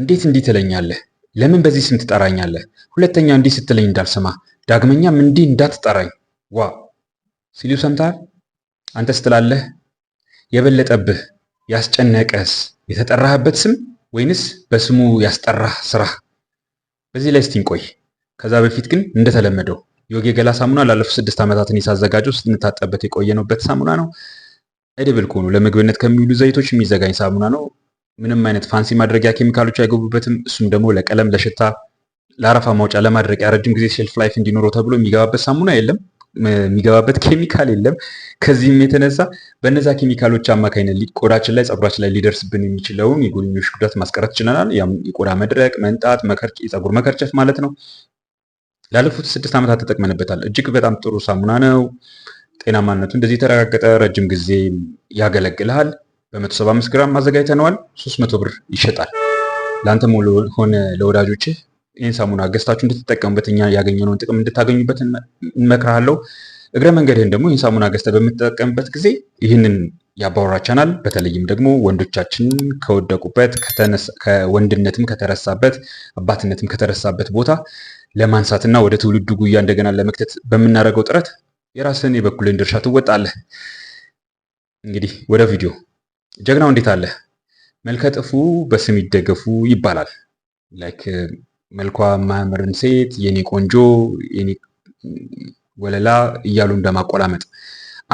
እንዴት እንዲህ ትለኛለህ? ለምን በዚህ ስም ትጠራኛለህ? ሁለተኛ እንዲህ ስትለኝ እንዳልሰማ፣ ዳግመኛም እንዲህ እንዳትጠራኝ። ዋ ሲሉ ሰምታል። አንተ ስትላለህ የበለጠብህ ያስጨነቀስ የተጠራህበት ስም ወይንስ በስሙ ያስጠራህ ስራ በዚህ ላይ ስትንቆይ። ከዛ በፊት ግን እንደተለመደው ዮጊ የገላ ሳሙና ላለፉት ስድስት ዓመታትን ሳዘጋጀው ስንታጠበት የቆየነውበት ሳሙና ነው። እድብል ከሆኑ ለምግብነት ከሚውሉ ዘይቶች የሚዘጋኝ ሳሙና ነው። ምንም አይነት ፋንሲ ማድረጊያ ኬሚካሎች አይገቡበትም። እሱም ደግሞ ለቀለም፣ ለሽታ፣ ለአረፋ ማውጫ፣ ለማድረቂያ ረጅም ጊዜ ሼልፍ ላይፍ እንዲኖረው ተብሎ የሚገባበት ሳሙና የለም፣ የሚገባበት ኬሚካል የለም። ከዚህም የተነሳ በነዛ ኬሚካሎች አማካኝነት ቆዳችን ላይ ጸጉራችን ላይ ሊደርስብን የሚችለውን የጎንዮሽ ጉዳት ማስቀረት ችለናል። ያም የቆዳ መድረቅ፣ መንጣት፣ የጸጉር መከርቸፍ ማለት ነው። ላለፉት ስድስት ዓመታት ተጠቅመንበታል። እጅግ በጣም ጥሩ ሳሙና ነው። ጤናማነቱ እንደዚህ የተረጋገጠ ረጅም ጊዜ ያገለግልሃል። በ175 ግራም አዘጋጅተነዋል። 300 ብር ይሸጣል። ለአንተም ሆነ ለወዳጆች ይህን ሳሙና ገዝታችሁ እንድትጠቀሙበት እኛ ያገኘነውን ጥቅም እንድታገኙበት እንመክርሃለሁ። እግረ መንገድህን ደግሞ ይህን ሳሙና ገዝተህ በምትጠቀምበት ጊዜ ይህንን ያባወራ ቻናል በተለይም ደግሞ ወንዶቻችን ከወደቁበት ከወንድነትም ከተረሳበት አባትነትም ከተረሳበት ቦታ ለማንሳትና ወደ ትውልዱ ጉያ እንደገና ለመክተት በምናደርገው ጥረት የራስን የበኩልን ድርሻ ትወጣለህ። እንግዲህ ወደ ቪዲዮ ጀግናው እንዴት አለ መልከ ጥፉ በስም ይደገፉ ይባላል። ላይክ መልኳ ማያምርን ሴት የኔ ቆንጆ የኔ ወለላ እያሉ እንደማቆላመጥ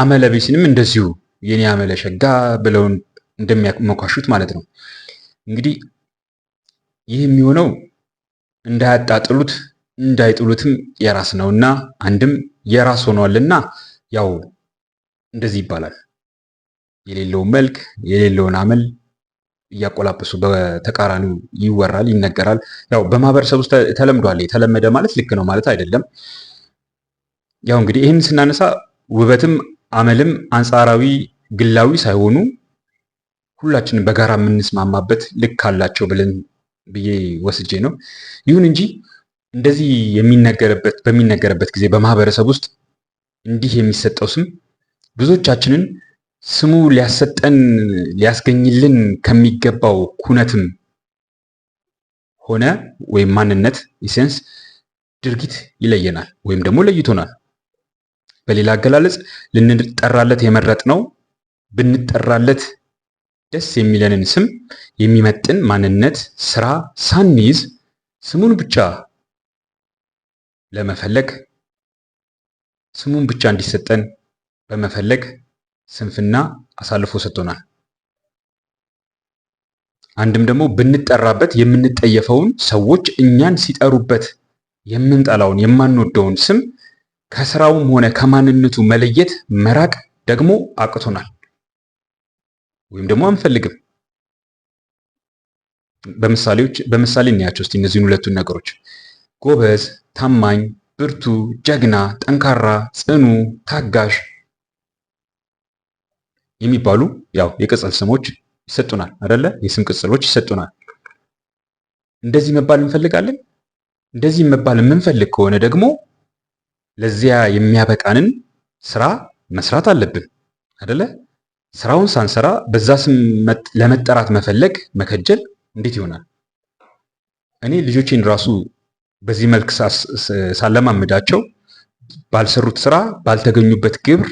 አመለቤስንም እንደዚሁ የኔ አመለ ሸጋ ብለው እንደሚያመኳሹት ማለት ነው። እንግዲህ ይህ የሚሆነው እንዳያጣጥሉት እንዳይጥሉትም የራስ ነውና አንድም የራስ ሆኗልና ያው እንደዚህ ይባላል። የሌለውን መልክ የሌለውን አመል እያቆላበሱ በተቃራኒው ይወራል፣ ይነገራል። ያው በማህበረሰብ ውስጥ ተለምዷል። የተለመደ ማለት ልክ ነው ማለት አይደለም። ያው እንግዲህ ይህን ስናነሳ ውበትም አመልም አንጻራዊ ግላዊ ሳይሆኑ ሁላችንም በጋራ የምንስማማበት ልክ አላቸው ብለን ብዬ ወስጄ ነው። ይሁን እንጂ እንደዚህ የሚነገርበት በሚነገርበት ጊዜ በማህበረሰብ ውስጥ እንዲህ የሚሰጠው ስም ብዙዎቻችንን ስሙ ሊያሰጠን ሊያስገኝልን ከሚገባው ኩነትም ሆነ ወይም ማንነት ኢሴንስ ድርጊት ይለየናል ወይም ደግሞ ለይቶናል። በሌላ አገላለጽ ልንጠራለት የመረጥ ነው ብንጠራለት ደስ የሚለንን ስም የሚመጥን ማንነት፣ ስራ ሳንይዝ ስሙን ብቻ ለመፈለግ ስሙን ብቻ እንዲሰጠን በመፈለግ ስንፍና አሳልፎ ሰጥቶናል። አንድም ደግሞ ብንጠራበት የምንጠየፈውን ሰዎች እኛን ሲጠሩበት የምንጠላውን የማንወደውን ስም ከስራውም ሆነ ከማንነቱ መለየት መራቅ ደግሞ አቅቶናል፣ ወይም ደግሞ አንፈልግም። በምሳሌዎች በምሳሌ እናያቸው እስቲ እነዚህን ሁለቱን ነገሮች ጎበዝ፣ ታማኝ፣ ብርቱ፣ ጀግና፣ ጠንካራ፣ ጽኑ፣ ታጋሽ የሚባሉ ያው የቅጽል ስሞች ይሰጡናል አደለ የስም ቅጽሎች ይሰጡናል። እንደዚህ መባል እንፈልጋለን። እንደዚህ መባል የምንፈልግ ከሆነ ደግሞ ለዚያ የሚያበቃንን ስራ መስራት አለብን አደለ ስራውን ሳንሰራ በዛ ስም ለመጠራት መፈለግ መከጀል እንዴት ይሆናል? እኔ ልጆቼን ራሱ በዚህ መልክ ሳለማምዳቸው ባልሰሩት ስራ ባልተገኙበት ግብር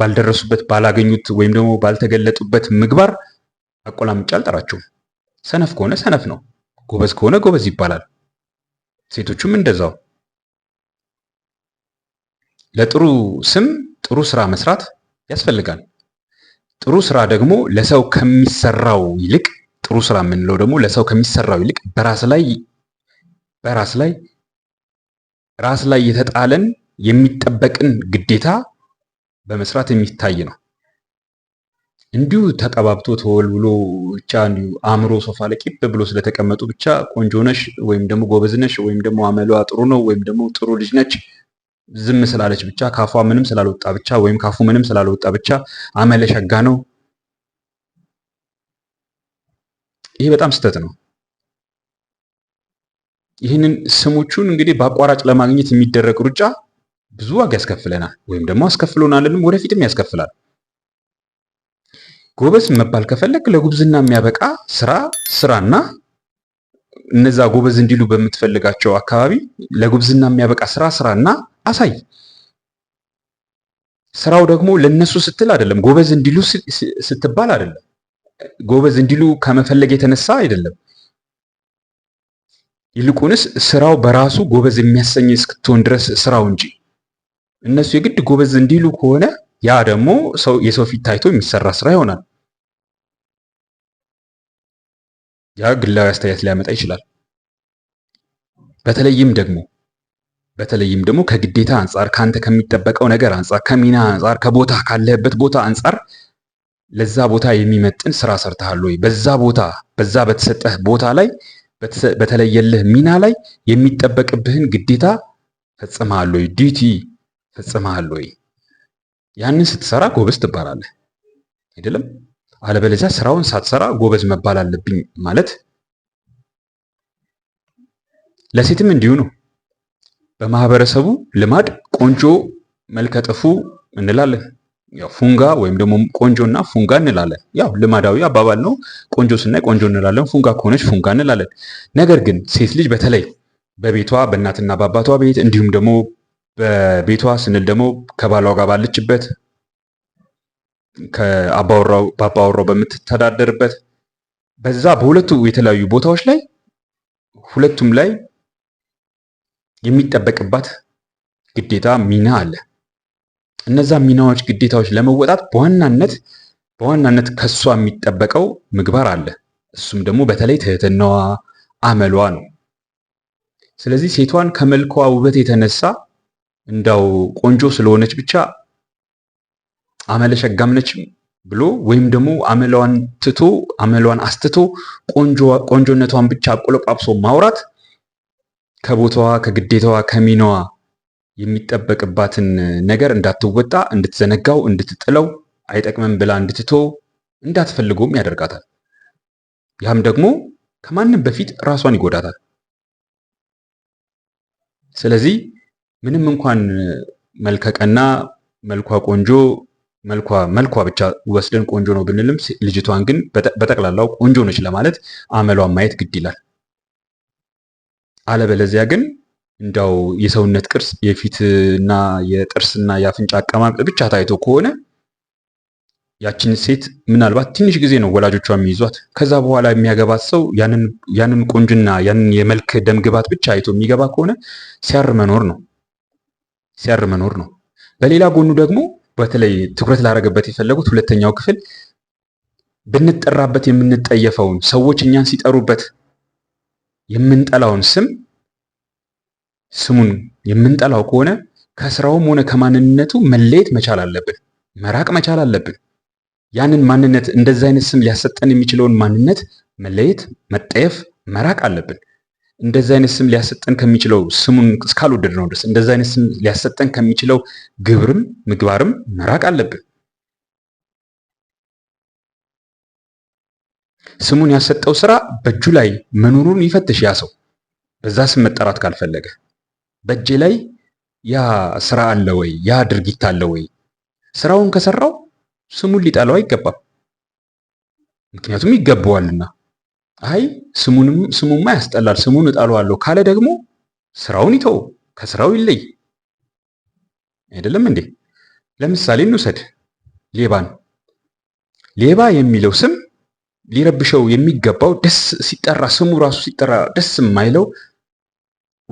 ባልደረሱበት፣ ባላገኙት ወይም ደግሞ ባልተገለጡበት ምግባር አቆላምጫ አልጠራቸውም። ሰነፍ ከሆነ ሰነፍ ነው፣ ጎበዝ ከሆነ ጎበዝ ይባላል። ሴቶቹም እንደዛው። ለጥሩ ስም ጥሩ ስራ መስራት ያስፈልጋል። ጥሩ ስራ ደግሞ ለሰው ከሚሰራው ይልቅ ጥሩ ስራ የምንለው ደግሞ ለሰው ከሚሰራው ይልቅ በራስ ላይ በራስ ላይ ራስ ላይ የተጣለን የሚጠበቅን ግዴታ በመስራት የሚታይ ነው። እንዲሁ ተቀባብቶ ተወልብሎ ብቻ እንዲሁ አእምሮ ሶፋ ላይ ቂብ ብሎ ስለተቀመጡ ብቻ ቆንጆ ነሽ ወይም ደግሞ ጎበዝ ነሽ ወይም ደግሞ አመሏ ጥሩ ነው ወይም ደግሞ ጥሩ ልጅ ነች ዝም ስላለች ብቻ ካፏ ምንም ስላልወጣ ብቻ ወይም ካፉ ምንም ስላልወጣ ብቻ አመለ ሸጋ ነው። ይሄ በጣም ስህተት ነው። ይህንን ስሞቹን እንግዲህ በአቋራጭ ለማግኘት የሚደረግ ሩጫ ብዙ ዋጋ ያስከፍለናል ወይም ደግሞ አስከፍሎናልንም ወደፊትም ያስከፍላል። ጎበዝ መባል ከፈለግ ለጉብዝና የሚያበቃ ስራ ስራና እነዛ ጎበዝ እንዲሉ በምትፈልጋቸው አካባቢ ለጉብዝና የሚያበቃ ስራ ስራና አሳይ። ስራው ደግሞ ለነሱ ስትል አይደለም፣ ጎበዝ እንዲሉ ስትባል አይደለም፣ ጎበዝ እንዲሉ ከመፈለግ የተነሳ አይደለም። ይልቁንስ ስራው በራሱ ጎበዝ የሚያሰኝ እስክትሆን ድረስ ስራው እንጂ እነሱ የግድ ጎበዝ እንዲሉ ከሆነ ያ ደግሞ የሰው ፊት ታይቶ የሚሰራ ስራ ይሆናል። ያ ግላዊ አስተያየት ሊያመጣ ይችላል። በተለይም ደግሞ በተለይም ደግሞ ከግዴታ አንጻር ከአንተ ከሚጠበቀው ነገር አንጻር ከሚና አንጻር ከቦታ ካለህበት ቦታ አንጻር ለዛ ቦታ የሚመጥን ስራ ሰርተሃል ወይ? በዛ ቦታ በዛ በተሰጠህ ቦታ ላይ በተለየልህ ሚና ላይ የሚጠበቅብህን ግዴታ ፈጽመሃል ወይ? ዲቲ ፈጽመሃል ወይ? ያንን ስትሰራ ጎበዝ ትባላለህ አይደለም? አለበለዚያ ስራውን ሳትሰራ ጎበዝ መባል አለብኝ ማለት ለሴትም እንዲሁ ነው። በማህበረሰቡ ልማድ ቆንጆ መልከጥፉ እንላለን። ያው ፉንጋ ወይም ደግሞ ቆንጆ እና ፉንጋ እንላለን። ያው ልማዳዊ አባባል ነው። ቆንጆ ስናይ ቆንጆ እንላለን፣ ፉንጋ ከሆነች ፉንጋ እንላለን። ነገር ግን ሴት ልጅ በተለይ በቤቷ በእናትና በአባቷ ቤት እንዲሁም ደግሞ በቤቷ ስንል ደግሞ ከባሏ ጋር ባለችበት፣ ከአባወራው በአባወራው በምትተዳደርበት በዛ በሁለቱ የተለያዩ ቦታዎች ላይ ሁለቱም ላይ የሚጠበቅባት ግዴታ ሚና አለ። እነዛ ሚናዎች፣ ግዴታዎች ለመወጣት በዋናነት በዋናነት ከሷ የሚጠበቀው ምግባር አለ። እሱም ደግሞ በተለይ ትህትናዋ፣ አመሏ ነው። ስለዚህ ሴቷን ከመልኳ ውበት የተነሳ እንዳው ቆንጆ ስለሆነች ብቻ አመለ ሸጋምነችም ብሎ ወይም ደግሞ አመሏን ትቶ አመሏን አስትቶ ቆንጆነቷን ብቻ አቆለጳጵሶ ማውራት ከቦታዋ ከግዴታዋ ከሚናዋ የሚጠበቅባትን ነገር እንዳትወጣ እንድትዘነጋው እንድትጥለው አይጠቅምም ብላ እንድትቶ እንዳትፈልገውም ያደርጋታል። ያም ደግሞ ከማንም በፊት ራሷን ይጎዳታል። ስለዚህ ምንም እንኳን መልከቀና መልኳ ቆንጆ መልኳ መልኳ ብቻ ወስደን ቆንጆ ነው ብንልም ልጅቷን ግን በጠቅላላው ቆንጆ ነች ለማለት አመሏን ማየት ግድ ይላል። አለበለዚያ ግን እንዳው የሰውነት ቅርጽ የፊትና የጥርስና የአፍንጫ አቀማመጥ ብቻ ታይቶ ከሆነ ያችን ሴት ምናልባት ትንሽ ጊዜ ነው ወላጆቿ የሚይዟት። ከዛ በኋላ የሚያገባት ሰው ያንን ቆንጅና ያንን የመልክ ደምግባት ብቻ አይቶ የሚገባ ከሆነ ሲያር መኖር ነው። ሲያር መኖር ነው። በሌላ ጎኑ ደግሞ በተለይ ትኩረት ላደረገበት የፈለጉት ሁለተኛው ክፍል ብንጠራበት የምንጠየፈውን ሰዎች እኛን ሲጠሩበት የምንጠላውን ስም ስሙን የምንጠላው ከሆነ ከስራውም ሆነ ከማንነቱ መለየት መቻል አለብን፣ መራቅ መቻል አለብን። ያንን ማንነት እንደዚህ አይነት ስም ሊያሰጠን የሚችለውን ማንነት መለየት፣ መጠየፍ፣ መራቅ አለብን። እንደዚህ አይነት ስም ሊያሰጠን ከሚችለው ስሙን እስካልወደድ ነው ድረስ እንደዚህ አይነት ስም ሊያሰጠን ከሚችለው ግብርም ምግባርም መራቅ አለብን። ስሙን ያሰጠው ስራ በእጁ ላይ መኖሩን ይፈትሽ ያ ሰው በዛ ስም መጠራት ካልፈለገ በእጄ ላይ ያ ስራ አለ ወይ ያ ድርጊት አለ ወይ ስራውን ከሰራው ስሙን ሊጠላው አይገባም ምክንያቱም ይገባዋልና አይ ስሙማ ያስጠላል፣ ስሙን እጠላዋለሁ ካለ ደግሞ ስራውን ይተው፣ ከስራው ይለይ። አይደለም እንዴ? ለምሳሌ እንውሰድ ሌባን። ሌባ የሚለው ስም ሊረብሸው የሚገባው ደስ ሲጠራ ስሙ ራሱ ሲጠራ ደስ የማይለው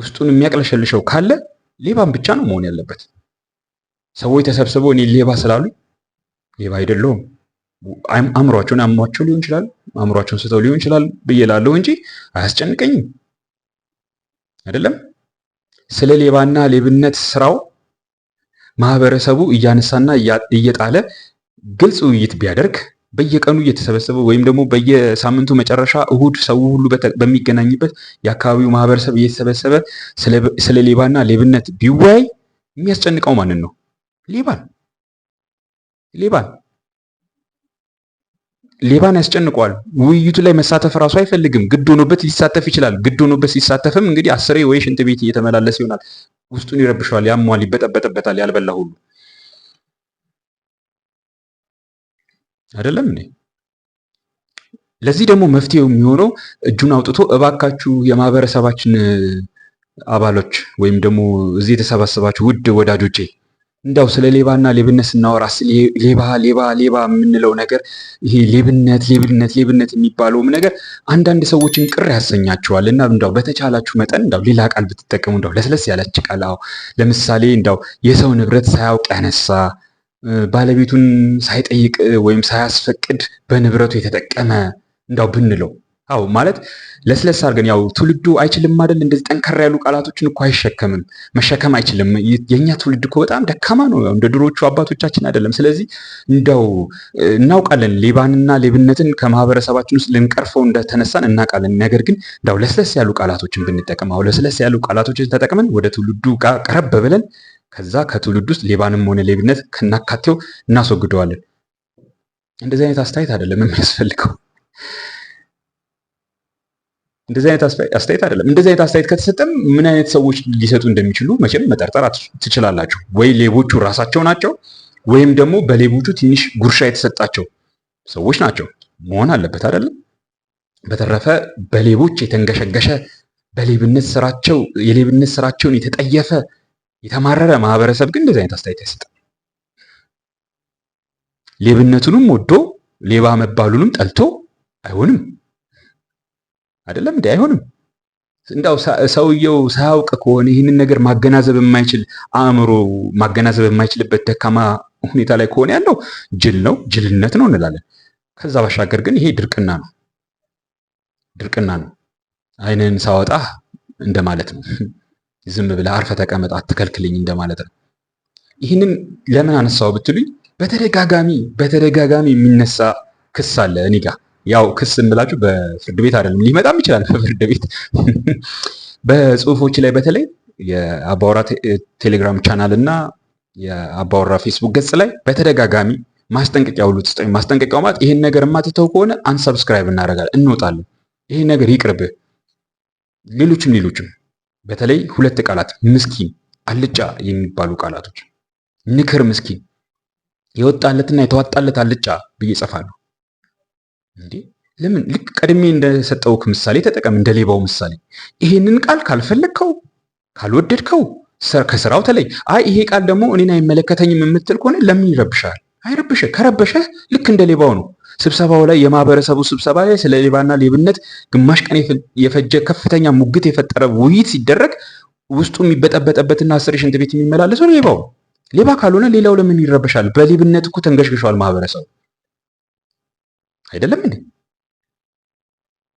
ውስጡን የሚያቅለሸልሸው ካለ ሌባን ብቻ ነው መሆን ያለበት። ሰዎች ተሰብስበው እኔ ሌባ ስላሉ ሌባ አይደለሁም አእምሯቸውን አሟቸው ሊሆን ይችላል፣ አእምሯቸውን ስተው ሊሆን ይችላል ብዬ ላለው እንጂ አያስጨንቀኝም። አይደለም ስለ ሌባና ሌብነት ስራው ማህበረሰቡ እያነሳና እየጣለ ግልጽ ውይይት ቢያደርግ በየቀኑ እየተሰበሰበ ወይም ደግሞ በየሳምንቱ መጨረሻ እሁድ ሰው ሁሉ በሚገናኝበት የአካባቢው ማህበረሰብ እየተሰበሰበ ስለ ሌባና ሌብነት ቢወያይ የሚያስጨንቀው ማንን ነው? ሌባን ሌባን ሌባን ያስጨንቀዋል። ውይይቱ ላይ መሳተፍ እራሱ አይፈልግም። ግድ ሆኖበት ሊሳተፍ ይችላል። ግድ ሆኖበት ሲሳተፍም እንግዲህ አስሬ ወይ ሽንት ቤት እየተመላለሰ ይሆናል። ውስጡን ይረብሸዋል፣ ያሟል፣ ይበጠበጥበታል። ያልበላ ሁሉ አይደለም እንዴ? ለዚህ ደግሞ መፍትሄው የሚሆነው እጁን አውጥቶ እባካችሁ የማህበረሰባችን አባሎች ወይም ደግሞ እዚህ የተሰባሰባችሁ ውድ ወዳጆቼ እንዳው ስለ ሌባና ሌብነት ስናወራስ ሌባ ሌባ ሌባ የምንለው ነገር ይሄ ሌብነት ሌብነት ሌብነት የሚባለውም ነገር አንዳንድ ሰዎችን ቅር ያሰኛቸዋል። እና እንዲያው በተቻላችሁ መጠን እንዲያው ሌላ ቃል ብትጠቀሙ እንዲያው ለስለስ ያለች ቃል። አዎ ለምሳሌ እንዲያው የሰው ንብረት ሳያውቅ ያነሳ፣ ባለቤቱን ሳይጠይቅ ወይም ሳያስፈቅድ በንብረቱ የተጠቀመ እንዳው ብንለው አው ማለት ለስለስ አድርገን ያው ትውልዱ አይችልም አይደል? እንደዚህ ጠንከራ ያሉ ቃላቶችን እኮ አይሸከምም መሸከም አይችልም። የኛ ትውልድ እኮ በጣም ደካማ ነው፣ እንደ ድሮቹ አባቶቻችን አይደለም። ስለዚህ እንደው እናውቃለን ሌባንና ሌብነትን ከማህበረሰባችን ውስጥ ልንቀርፈው እንደተነሳን እናውቃለን። ነገር ግን እንደው ለስለስ ያሉ ቃላቶችን ብንጠቀም፣ አው ለስለስ ያሉ ቃላቶችን ተጠቅመን ወደ ትውልዱ ቀረብ ብለን ከዛ ከትውልድ ውስጥ ሌባንም ሆነ ሌብነት ከናካቴው እናስወግደዋለን። እንደዚህ አይነት አስተያየት አይደለም የሚያስፈልገው። እንደዚህ አይነት አስተያየት አይደለም። እንደዚህ አይነት አስተያየት ከተሰጠም ምን አይነት ሰዎች ሊሰጡ እንደሚችሉ መቼም መጠርጠር ትችላላችሁ። ወይ ሌቦቹ ራሳቸው ናቸው፣ ወይም ደግሞ በሌቦቹ ትንሽ ጉርሻ የተሰጣቸው ሰዎች ናቸው መሆን አለበት አይደለም። በተረፈ በሌቦች የተንገሸገሸ በሌብነት ስራቸው የሌብነት ስራቸውን የተጠየፈ የተማረረ ማህበረሰብ ግን እንደዚህ አይነት አስተያየት አይሰጥም። ሌብነቱንም ወዶ ሌባ መባሉንም ጠልቶ አይሆንም። አይደለም እንዴ? አይሆንም። እንዳው ሰውየው ሳያውቅ ከሆነ ይህንን ነገር ማገናዘብ የማይችል አእምሮ ማገናዘብ የማይችልበት ደካማ ሁኔታ ላይ ከሆነ ያለው ጅል ነው፣ ጅልነት ነው እንላለን። ከዛ ባሻገር ግን ይሄ ድርቅና ነው፣ ድርቅና ነው። ዓይንን ሳወጣ እንደማለት ነው። ዝም ብለህ አርፈ ተቀመጥ አትከልክልኝ እንደማለት ነው። ይህንን ለምን አነሳው ብትሉኝ፣ በተደጋጋሚ በተደጋጋሚ የሚነሳ ክስ አለ እኔ ጋር ያው ክስ እንላችሁ በፍርድ ቤት አይደለም፣ ሊመጣም ይችላል በፍርድ ቤት በጽሁፎች ላይ በተለይ የአባወራ ቴሌግራም ቻናል እና የአባወራ ፌስቡክ ገጽ ላይ በተደጋጋሚ ማስጠንቀቂያ ሁሉ ትስጠኝ። ማስጠንቀቂያው ማለት ይሄን ነገር የማትተው ከሆነ አንሰብስክራይብ እናደርጋለን፣ እንወጣለን፣ ይሄ ነገር ይቅርብህ፣ ሌሎችም ሌሎችም በተለይ ሁለት ቃላት ምስኪን፣ አልጫ የሚባሉ ቃላቶች ንክር ምስኪን የወጣለትና የተዋጣለት አልጫ ብዬ እጸፋለሁ። እንዴ ለምን ልክ ቀድሜ እንደሰጠውክ ምሳሌ ተጠቀም፣ እንደ ሌባው ምሳሌ። ይሄንን ቃል ካልፈለግከው፣ ካልወደድከው ከስራው ተለይ። አይ ይሄ ቃል ደግሞ እኔን አይመለከተኝም የምትል ከሆነ ለምን ይረብሻል? አይረብሸ ከረበሸ ልክ እንደ ሌባው ነው። ስብሰባው ላይ የማህበረሰቡ ስብሰባ ላይ ስለ ሌባና ሌብነት ግማሽ ቀን የፈጀ ከፍተኛ ሙግት የፈጠረ ውይይት ሲደረግ ውስጡ የሚበጠበጠበትና ስር ሽንት ቤት የሚመላለሰው ሌባው። ሌባ ካልሆነ ሌላው ለምን ይረበሻል? በሌብነት እኮ ተንገሽግሸዋል ማህበረሰቡ። አይደለም እንዴ?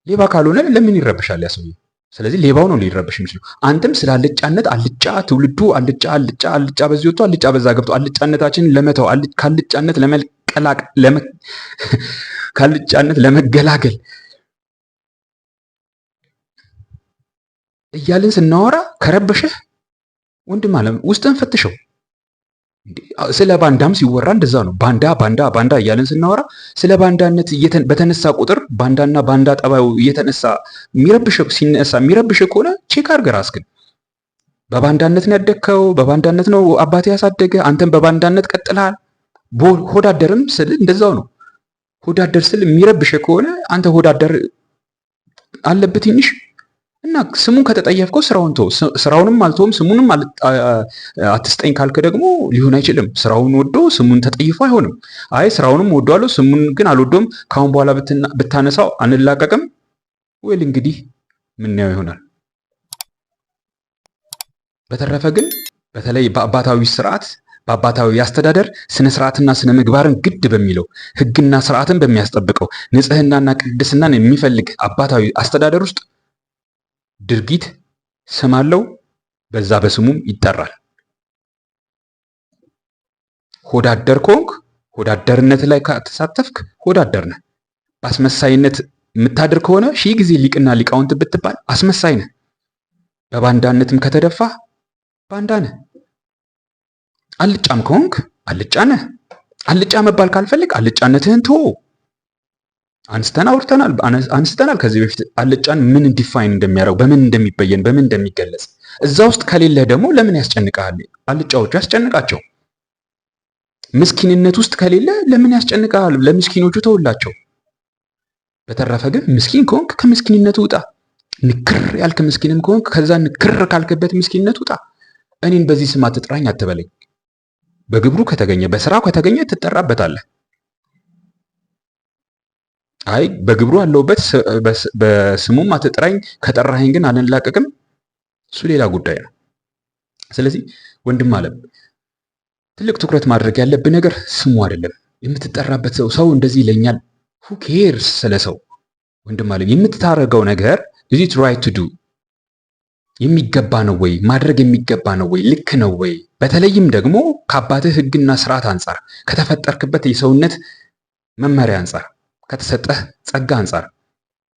ሌባ ካልሆነ ለምን ይረብሻል ያ ሰውዬ? ስለዚህ ሌባው ነው ሊረብሽ የሚችለው። አንተም ስለ አልጫነት አልጫ ትውልዱ አልጫ አልጫ አልጫ በዚህ ወጥቶ አልጫ በዛ ገብቶ አልጫነታችን ለመተው ከአልጫነት ለመቀላቅ ከአልጫነት ለመገላገል እያልን ስናወራ ከረበሸህ ወንድም አለም ውስጥን ፈትሸው። ስለ ባንዳም ሲወራ እንደዛ ነው። ባንዳ ባንዳ ባንዳ እያለን ስናወራ ስለ ባንዳነት በተነሳ ቁጥር ባንዳና ባንዳ ጠባዩ እየተነሳ ሲነሳ የሚረብሽ ከሆነ ቼክ አድርገህ ራስህን። በባንዳነት ነው ያደግከው፣ በባንዳነት ነው አባት ያሳደገ፣ አንተም በባንዳነት ቀጥልሃል። ሆዳደርም ስል እንደዛው ነው። ሆዳደር ስል የሚረብሽ ከሆነ አንተ ሆዳደር አለብህ ትንሽ እና ስሙን ከተጠየፍከው ስራውን ተው። ስራውንም አልተውም ስሙንም አትስጠኝ ካልክ ደግሞ ሊሆን አይችልም። ስራውን ወዶ ስሙን ተጠይፎ አይሆንም። አይ ስራውንም ወዶአለሁ ስሙን ግን አልወዶም፣ ካሁን በኋላ ብታነሳው አንላቀቅም። ወይል እንግዲህ ምናየው ይሆናል። በተረፈ ግን በተለይ በአባታዊ ስርዓት በአባታዊ አስተዳደር ስነ ስርዓትና ስነ ምግባርን ግድ በሚለው ህግና ስርዓትን በሚያስጠብቀው ንጽህናና ቅድስናን የሚፈልግ አባታዊ አስተዳደር ውስጥ ድርጊት ስም አለው፣ በዛ በስሙም ይጠራል። ሆዳደር ከሆንክ ሆዳደርነት ላይ ከተሳተፍክ ሆዳደር ነህ። በአስመሳይነት የምታድር ከሆነ ሺህ ጊዜ ሊቅና ሊቃውንት ብትባል አስመሳይ ነህ። በባንዳነትም ከተደፋ ባንዳ ነህ። አልጫም ከሆንክ አልጫ ነህ። አልጫ መባል ካልፈልግ አልጫነትህን ትወው። አንስተን አውርተናል፣ አንስተናል ከዚህ በፊት አልጫን ምን ዲፋይን እንደሚያደርግ በምን እንደሚበየን በምን እንደሚገለጽ እዛ ውስጥ ከሌለ ደግሞ ለምን ያስጨንቃል? አልጫዎቹ ያስጨንቃቸው። ምስኪንነት ውስጥ ከሌለ ለምን ያስጨንቃል? ለምስኪኖቹ ተውላቸው። በተረፈ ግን ምስኪን ከሆንክ ከምስኪንነት ውጣ። ንክር ያልክ ምስኪንም ከሆንክ ከዛ ንክር ካልክበት ምስኪንነት ውጣ። እኔን በዚህ ስም አትጥራኝ አትበለኝ። በግብሩ ከተገኘ በስራው ከተገኘ ትጠራበታለህ። አይ በግብሩ ያለውበት በስሙም አትጥራኝ፣ ከጠራኸኝ ግን አልንላቀቅም። እሱ ሌላ ጉዳይ ነው። ስለዚህ ወንድም አለም ትልቅ ትኩረት ማድረግ ያለብህ ነገር ስሙ አይደለም የምትጠራበት ሰው። ሰው እንደዚህ ይለኛል፣ ሁ ኬርስ ስለ ሰው። ወንድም አለ የምትታረገው ነገር ኢት ራይት ቱ ዱ የሚገባ ነው ወይ? ማድረግ የሚገባ ነው ወይ? ልክ ነው ወይ? በተለይም ደግሞ ከአባትህ ህግና ስርዓት አንጻር ከተፈጠርክበት የሰውነት መመሪያ አንጻር ከተሰጠህ ጸጋ አንጻር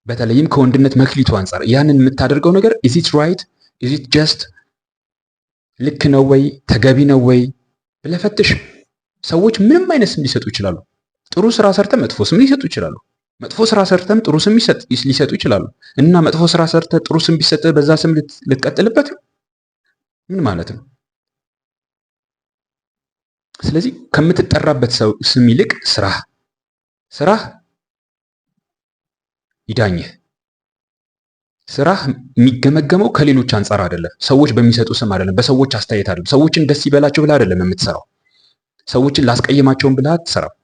በተለይም ከወንድነት መክሊቱ አንጻር ያንን የምታደርገው ነገር ኢዚት ራይት ኢዚት ጀስት ልክ ነው ወይ ተገቢ ነው ወይ ብለህ ፈትሽ። ሰዎች ምንም አይነት ስም ሊሰጡ ይችላሉ። ጥሩ ስራ ሰርተ መጥፎ ስም ሊሰጡ ይችላሉ። መጥፎ ስራ ሰርተም ጥሩ ስም ሊሰጡ ይችላሉ። እና መጥፎ ስራ ሰርተ ጥሩ ስም ቢሰጥ በዛ ስም ልትቀጥልበት ምን ማለት ነው? ስለዚህ ከምትጠራበት ሰው ስም ይልቅ ስራህ ስራህ ይዳኝህ። ስራህ የሚገመገመው ከሌሎች አንጻር አይደለም፣ ሰዎች በሚሰጡ ስም አይደለም፣ በሰዎች አስተያየት አይደለም፣ ሰዎችን ደስ ይበላቸው ብለህ አይደለም የምትሰራው፣ ሰዎችን ላስቀየማቸውን ብለህ አትሰራም።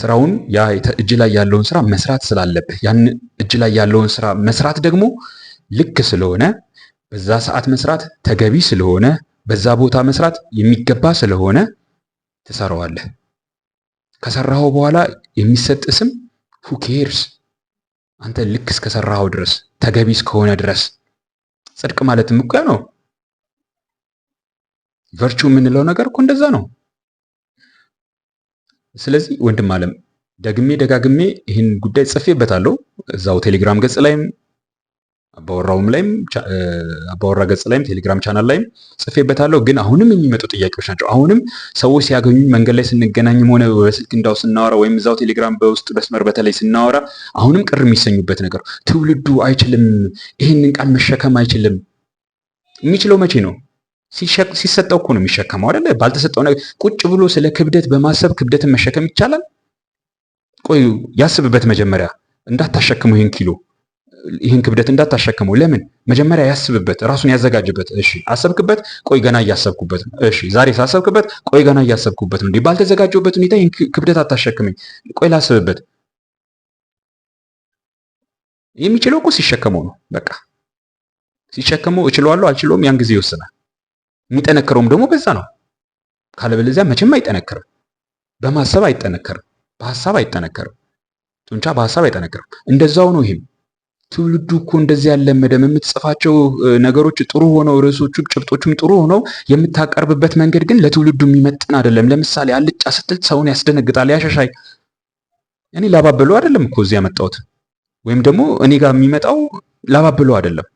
ስራውን ያ እጅ ላይ ያለውን ስራ መስራት ስላለብህ ያን እጅ ላይ ያለውን ስራ መስራት ደግሞ ልክ ስለሆነ በዛ ሰዓት መስራት ተገቢ ስለሆነ በዛ ቦታ መስራት የሚገባ ስለሆነ ትሰራዋለህ። ከሰራኸው በኋላ የሚሰጥ ስም ሁኬርስ አንተ ልክ እስከሰራኸው ድረስ ተገቢ እስከሆነ ድረስ ጽድቅ ማለትም እኮ ነው። ቨርቹ የምንለው ነገር እኮ እንደዛ ነው። ስለዚህ ወንድም አለም ደግሜ ደጋግሜ ይህን ጉዳይ ጽፌበታለሁ እዛው ቴሌግራም ገጽ ላይም አባወራውም ላይም አባወራ ገጽ ላይም ቴሌግራም ቻናል ላይም ጽፌበታለሁ። ግን አሁንም የሚመጡ ጥያቄዎች ናቸው። አሁንም ሰዎች ሲያገኙ መንገድ ላይ ስንገናኝም ሆነ በስልክ እንዳው ስናወራ ወይም እዛው ቴሌግራም በውስጥ መስመር በተለይ ስናወራ አሁንም ቅር የሚሰኙበት ነገር ትውልዱ አይችልም፣ ይህንን ቃል መሸከም አይችልም። የሚችለው መቼ ነው? ሲሰጠው እኮ ነው የሚሸከመው አይደለ? ባልተሰጠው ነገር ቁጭ ብሎ ስለ ክብደት በማሰብ ክብደትን መሸከም ይቻላል? ቆዩ ያስብበት መጀመሪያ። እንዳታሸክሙ ይህን ኪሎ ይህን ክብደት እንዳታሸክመው። ለምን መጀመሪያ ያስብበት፣ ራሱን ያዘጋጅበት። እሺ አሰብክበት፣ ቆይ ገና እያሰብኩበት ነው። እሺ ዛሬ ሳሰብክበት፣ ቆይ ገና እያሰብኩበት ነው። እንዲህ ባልተዘጋጀሁበት ሁኔታ ይህን ክብደት አታሸክመኝ፣ ቆይ ላስብበት። የሚችለው እኮ ሲሸከመው ነው። በቃ ሲሸከመው እችለዋለሁ አልችለውም፣ ያን ጊዜ ይወስናል። የሚጠነክረውም ደግሞ በዛ ነው። ካለበለዚያ መቼም አይጠነክርም። በማሰብ አይጠነክርም። በሀሳብ አይጠነክርም። ጡንቻ በሀሳብ አይጠነክርም። እንደዛው ነው ይህም ትውልዱ እኮ እንደዚህ ያለመደም የምትጽፋቸው ነገሮች ጥሩ ሆነው ርዕሶቹም ጭብጦቹም ጥሩ ሆነው የምታቀርብበት መንገድ ግን ለትውልዱ የሚመጥን አይደለም። ለምሳሌ አልጫ ስትል ሰውን ያስደነግጣል፣ ያሻሻይ። እኔ ላባበሉ አይደለም እኮ እዚህ ያመጣሁት፣ ወይም ደግሞ እኔ ጋር የሚመጣው ላባበሉ አይደለም፣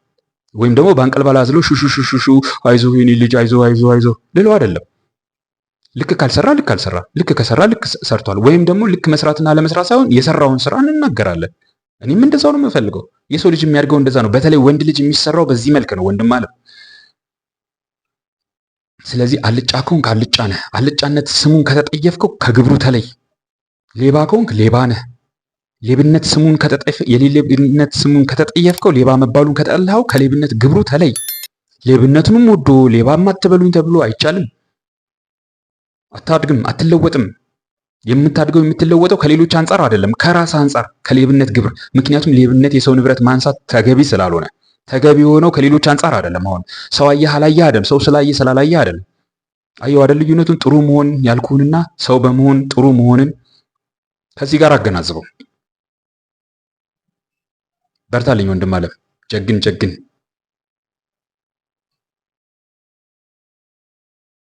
ወይም ደግሞ በአንቀልባ ላዝለው ሹሹሹሹ አይዞ የኔ ልጅ አይዞ አይዞ አይዞ ልለው አይደለም። ልክ ካልሰራ ልክ አልሰራ፣ ልክ ከሰራ ልክ ሰርቷል፣ ወይም ደግሞ ልክ መስራትና ለመስራት ሳይሆን የሰራውን ስራ እንናገራለን። እኔም እንደዛው ነው የምፈልገው። የሰው ልጅ የሚያድገው እንደዛ ነው። በተለይ ወንድ ልጅ የሚሰራው በዚህ መልክ ነው ወንድም አለም። ስለዚህ አልጫ ከሆንክ አልጫ ነህ። አልጫነት ስሙን ከተጠየፍከው ከግብሩ ተለይ። ሌባ ከሆንክ ሌባ ነህ። ሌብነት ስሙን የሌብነት ስሙን ከተጠየፍከው ሌባ መባሉን ከጠላኸው ከሌብነት ግብሩ ተለይ። ሌብነቱንም ወዶ ሌባም አትበሉኝ ተብሎ አይቻልም። አታድግም፣ አትለወጥም። የምታድገው የምትለወጠው ከሌሎች አንጻር አይደለም፣ ከራስ አንጻር ከሌብነት ግብር። ምክንያቱም ሌብነት የሰው ንብረት ማንሳት ተገቢ ስላልሆነ ተገቢ የሆነው ከሌሎች አንጻር አይደለም። አሁን ሰው አየህ አላየህ አይደለም፣ ሰው ስላየህ ስላላየህ አይደለም። አየው አይደል ልዩነቱን? ጥሩ መሆን ያልኩህንና ሰው በመሆን ጥሩ መሆንን ከዚህ ጋር አገናዝበው። በርታልኝ ወንድም አለም ጀግን ጀግን